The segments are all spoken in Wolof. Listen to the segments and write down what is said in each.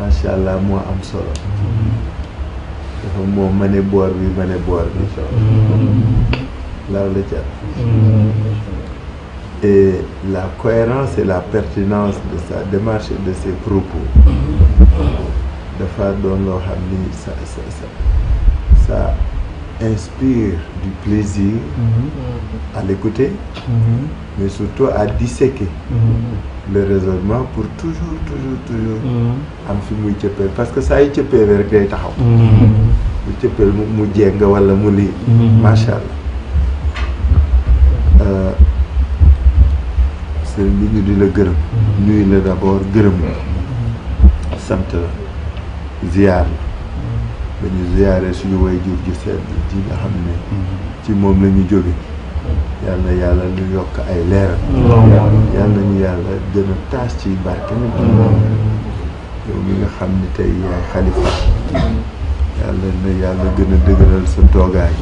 Inch'Allah, moi Je am solo dafa moom ma boor bi ma boor bi laaw la et la cohérence et la pertinence de sa démarche et de ses propos de faire loo xam ça inspire du plaisir mm-hmm. à l'écouter mm-hmm. mais surtout à disséquer mm-hmm. le raisonnement pour toujours toujours toujours. Mm. am fi muy cëppeel parce que saa yu rek day taxaw. bu mm. cëppeel mu mu jéng wala mu lii. Mm. macha allah. Euh, sëñ bi ñu di la gërëm. ñuy la d' abord gërëm la. sant la ziar la. ba ñu suñu way jur ju sedd ji nga xam ne. ci moom la ñu jóge yal yàlla ñu yokk ay leer yal nañu yàlla gën a taas ci barke nit yow nga xam ni tey yaay xalifa yàlla na yàlla gën a dëgëral sa toogaay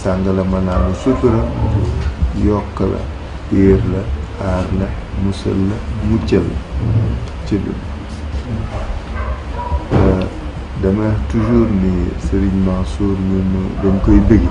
sànga la malaan sutura yokk la yéer la aar la musal la muccal la ci euh, toujours ni Serigne Mansour ñun dañ koy bëgg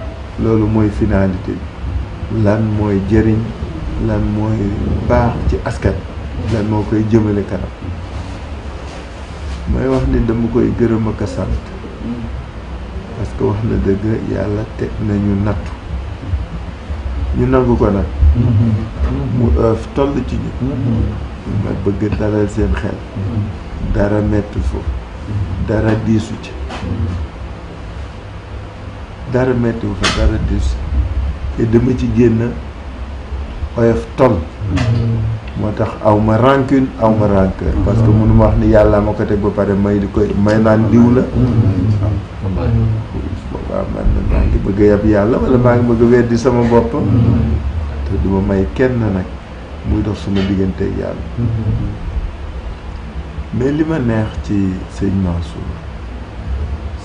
loolu mooy finalité lan mooy jëriñ lan mooy baax ci askan lan moo koy jëmale kanam may wax ni dama koy gërëm ak a sant parce que wax na dëgg yàlla teg nañu nattu ñu nangu ko nag mu toll ci ñu ma bëgg dalal seen xel dara mettu foofu dara diisu ci dara méttiwu fa dara diis te dama ci génn oyof tol moo tax aw ma rancune aw ma parce que mënu ma wax ni yàllaa ma ko teg ba pare may di koy may naan diw la boobaa man maa ngi bëgg a yàlla wala maa ngi bëgg a di sama bopp te duma may kenn nag muy dox suma digganteeg yàlla mm-hmm. mais li ma neex ci sëñ Mansour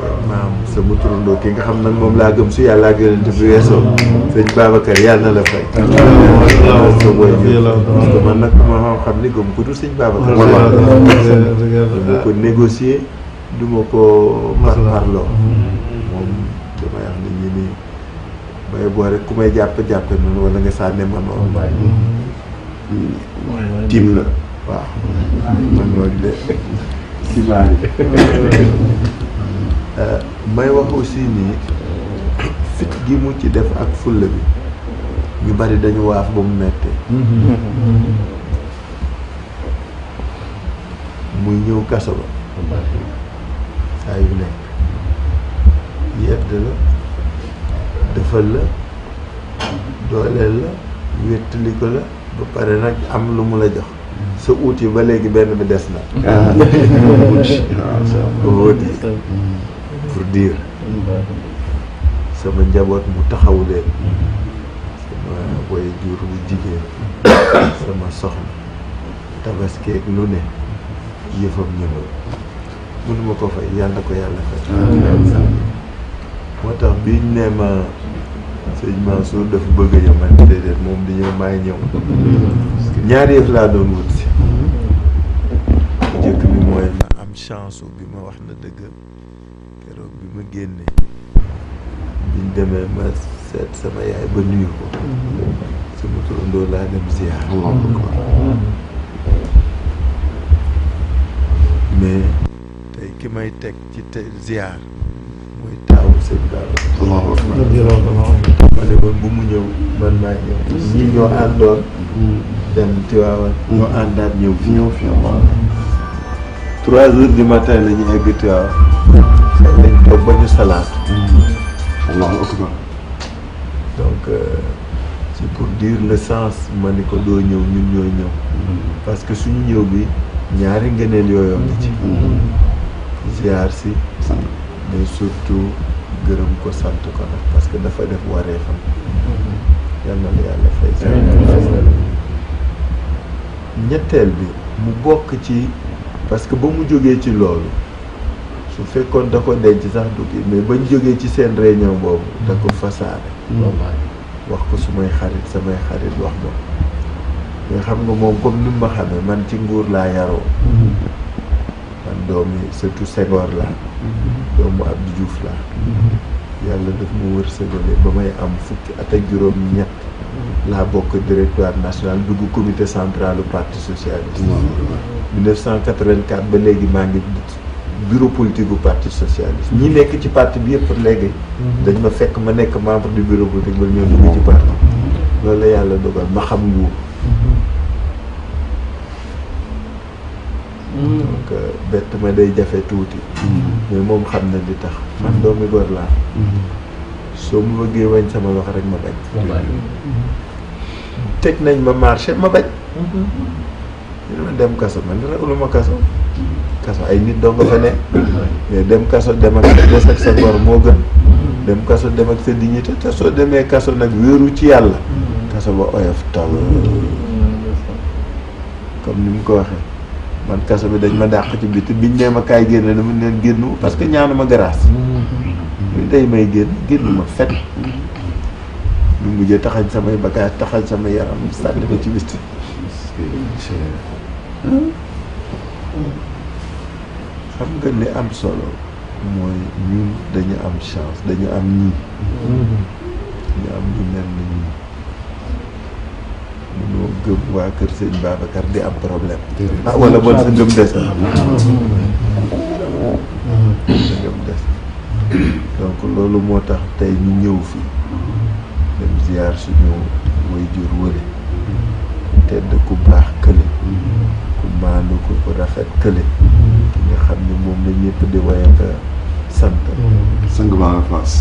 maam sama turandoo ki nga xam na moom laa gëm su yàlla ak yonent bi na la fay sa boy bi parce que man nag ma xam ko négocier du mm-hmm. ku ma noonu tim la waaw may wax aussi nii fit gi mu ci def ak fulla bi ñu bari dañu waaf ba mu mettee muy ñëw kaso ba saa yu nekk yedd la defal la dooleel la wéttali la ba pare nag am lu mu la jox sa uut yi ba léegi benn bi des na ah. uut yi ah, diir sama njaboot mu taxaw leen sama way jur bu jigéen sama soxna tabaskeeg lu ne yëfam ñëwal mënuma ko fay yàlla ko yàlla fay moo tax biñ ne ma sëñ Mansour dafa bëgg a ñëw moom di ñëw ñëw ñaari yëf laa doon wut si jëkk bi mooy ma am chance bi ma wax na dëgg bi ma génnee biñ demee ma seet sama yaay ba nuyu ko mhm. sama turandoo laa dem ziar mhm. mais tey ki may teg ci te ziar mooy taawu sëñ Babacar ma mu ñëw man maa ñëw ñii ñoo àndoon mhm. ñoo àndaat ñëw fi ñëw fi trois heures du matin la egg Tiwaawan dañ toog ba ñu salaatu. Allahu akbar. donc euh, c'est pour dire le sens ma ko doo ñëw ñun ñooy ñëw. Mm-hmm. parce que suñu ñëw bi ñaari ngëneel yooyu am ci. Mm-hmm. ziar si. mais surtout gërëm ko sant ko nag parce que dafa def wareefam. Mm-hmm. yal na la yàlla fay. ñetteel bi mu bokk ci parce que ba mu jógee ci loolu. su fekkoon da ko denc sax du kii mais bañ jógee ci seen réunion boobu da ko fasaare wax ko sumay xarit samay xarit wax ma mais xam nga moom comme ni ma xamee man ci nguur laa yaroo mm-hmm. man doomi surtout Senghor laa mm-hmm. doomu Abdou Diouf laa mm-hmm. yàlla daf ma wërsëgale ba may am fukki at ak juróom ñett laa bokk directoire national dugg comité central du parti socialiste 1984 ba léegi maa ngi bureau politique bu parti socialiste ñi nekk ci parti bi yëpp léegi mhm. dañ ma fekk ma nekk membre du bureau politique ba ñoo dugg ci parti mhm. loolu la yàlla dogal ma xam nguur mhm. donc euh, bett ma day jafe tuuti mais moom xam na li tax man doomi góor laa soo mu bëggee wañ sama wax rek ma bañ tëj nañ ma marché ma bañ ñu ma dem kaso man dara uluma kaso kaso ay nit doo nga fa ne eh, dem kaso dem ak sa des ak sa ngor moo gën dem kaso dem ak sa dignité te soo demee kaso nag wéeru ci yàlla kaso ba oyof toll comme ni mu ko waxee man kaso bi dañ ma dàq ci biti biñ nee ma kaay génne dama leen génn parce que ñaanu ma grâce ñu day may génn génn ma fet ñu mujjee taxañ samay bagage taxañ sama yaram sànni ma ci biti xam nga ni am solo mooy ñun dañu am chance dañu am ñii ñu am ñu mel ni ñii mënoo gëm waa kër sëñ Babacar di am problème ah wala bon sa ngëm des ah. des donc loolu moo tax tey ñu ñëw fii dem ziar suñu way jur wëri tedd ku baax kële ku maandu ko rafet kële nga xam ne moom la ñëpp di wayaka sant sang baa nga faas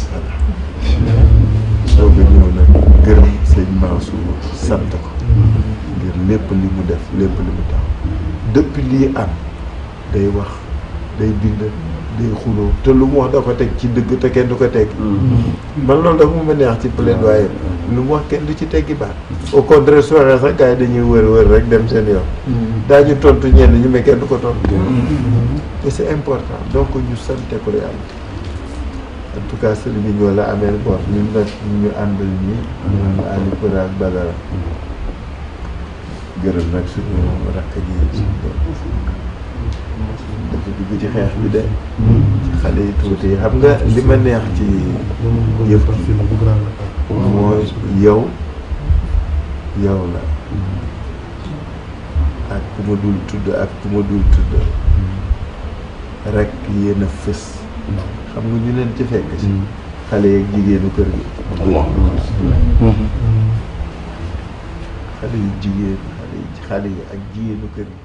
soo ko ñëw nag gërëm sëñ Mansour sant ko ngir lépp li mu def lépp li mu tax depuis lii am day wax day bind day xuloo te lu mu wax da ko teg ci dëgg te kenn du ko teg mm-hmm. man loolu dafa mu ma neex ci plaidoyer mm-hmm. lu mu wax kenn du ci teggi baat au contraire su waxee sax gars yi dañuy wër wër rek dem seen yoon mm-hmm. daañu tontu ñenn ñi mais kenn du ko tontu mm-hmm. mm-hmm. te c'est important donc ñu sante ko yàlla en tout cas sëriñ bi ñoo la amee bor ñun nag ñu àndal ñi ñun Ali Koura ak Badara gërëm nag suñu rakk ji suñu dafa dugg ci xeex bi de ci xale yi tuuti xam nga li ma neex ci yëpp mooy yow yow la mm-hmm. ak ku ma dul tudd ak ku ma dul tudd mm-hmm. rek yéen fës mm-hmm. xam nga ñu leen ci fekk si xale yeeg jigéenu kër gi xale yi jigéen xale yi ak jigéenu kër gi